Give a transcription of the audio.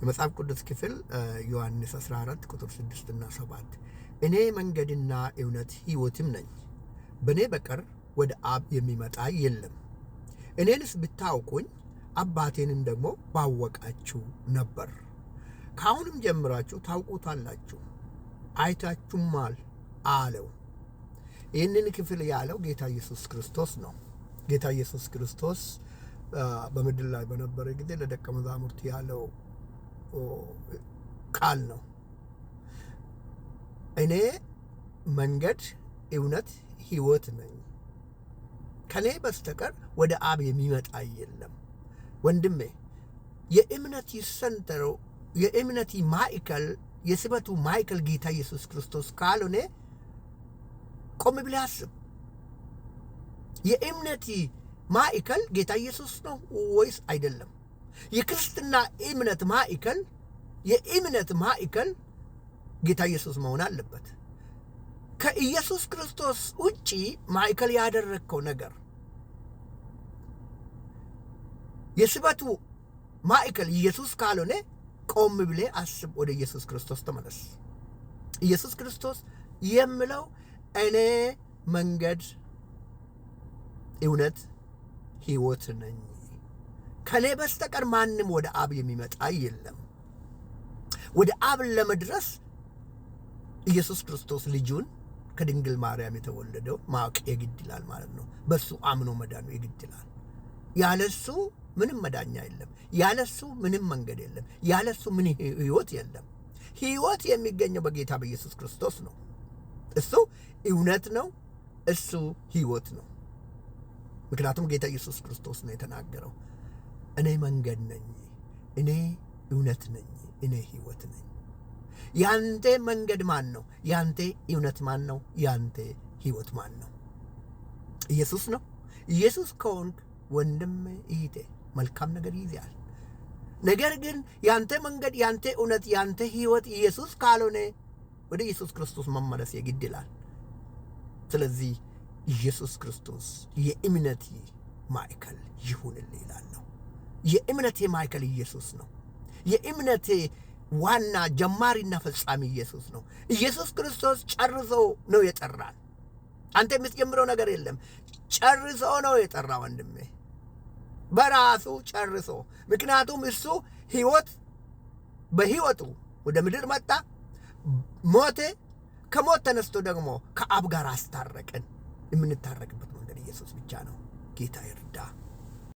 የመጽሐፍ ቅዱስ ክፍል ዮሐንስ 14 ቁጥር 6 እና 7 እኔ መንገድና እውነት ሕይወትም ነኝ፣ በእኔ በቀር ወደ አብ የሚመጣ የለም። እኔንስ ብታውቁኝ አባቴንም ደግሞ ባወቃችሁ ነበር። ከአሁንም ጀምራችሁ ታውቁታላችሁ፣ አይታችሁማል አለው። ይህንን ክፍል ያለው ጌታ ኢየሱስ ክርስቶስ ነው። ጌታ ኢየሱስ ክርስቶስ በምድር ላይ በነበረ ጊዜ ለደቀ መዛሙርት ያለው ቃል ነው። እኔ መንገድ፣ እውነት፣ ህይወት ነኝ ከኔ በስተቀር ወደ አብ የሚመጣ የለም። ወንድሜ የእምነት ይሰንተረው የእምነቲ ማዕከል የስበቱ ማዕከል ጌታ ኢየሱስ ክርስቶስ ካልሆነ ቆም ብለህ አስብ። የእምነቲ ማዕከል ጌታ ኢየሱስ ነው ወይስ አይደለም? የክርስትና እምነት ማዕከል የእምነት ማዕከል ጌታ ኢየሱስ መሆን አለበት። ከኢየሱስ ክርስቶስ ውጪ ማዕከል ያደረግከው ነገር የስበቱ ማዕከል ኢየሱስ ካልሆነ ቆም ብሌ አስብ። ወደ ኢየሱስ ክርስቶስ ተመለስ። ኢየሱስ ክርስቶስ የምለው እኔ መንገድ፣ እውነት፣ ሕይወት ነኝ ከኔ በስተቀር ማንም ወደ አብ የሚመጣ የለም። ወደ አብ ለመድረስ ኢየሱስ ክርስቶስ ልጁን ከድንግል ማርያም የተወለደው ማወቅ የግድ ይላል ማለት ነው። በሱ አምኖ መዳኑ የግድ ይላል። ያለሱ ምንም መዳኛ የለም። ያለሱ ምንም መንገድ የለም። ያለሱ ምን ህይወት የለም። ህይወት የሚገኘው በጌታ በኢየሱስ ክርስቶስ ነው። እሱ እውነት ነው። እሱ ህይወት ነው። ምክንያቱም ጌታ ኢየሱስ ክርስቶስ ነው የተናገረው። እኔ መንገድ ነኝ፣ እኔ እውነት ነኝ፣ እኔ ህይወት ነኝ። ያንተ መንገድ ማን ነው? ያንተ እውነት ማን ነው? ያንተ ህይወት ማን ነው? ኢየሱስ ነው። ኢየሱስ ከሆንክ ወንድም እህቴ መልካም ነገር ይይዛል። ነገር ግን ያንተ መንገድ፣ ያንተ እውነት፣ ያንተ ህይወት ኢየሱስ ካልሆነ ወደ ኢየሱስ ክርስቶስ መመለስ የግድ ይላል። ስለዚህ ኢየሱስ ክርስቶስ የእምነት ማዕከል ይሁንልህ ይላለሁ። የእምነቴ ማዕከል ኢየሱስ ነው። የእምነቴ ዋና ጀማሪና ፈጻሚ ኢየሱስ ነው። ኢየሱስ ክርስቶስ ጨርሶ ነው የጠራን። አንተ የምትጀምረው ነገር የለም። ጨርሶ ነው የጠራ ወንድሜ፣ በራሱ ጨርሶ። ምክንያቱም እሱ ህይወት በህይወቱ ወደ ምድር መጣ፣ ሞቴ ከሞት ተነስቶ ደግሞ ከአብ ጋር አስታረቀን። የምንታረቅበት መንገድ ኢየሱስ ብቻ ነው። ጌታ ይርዳ።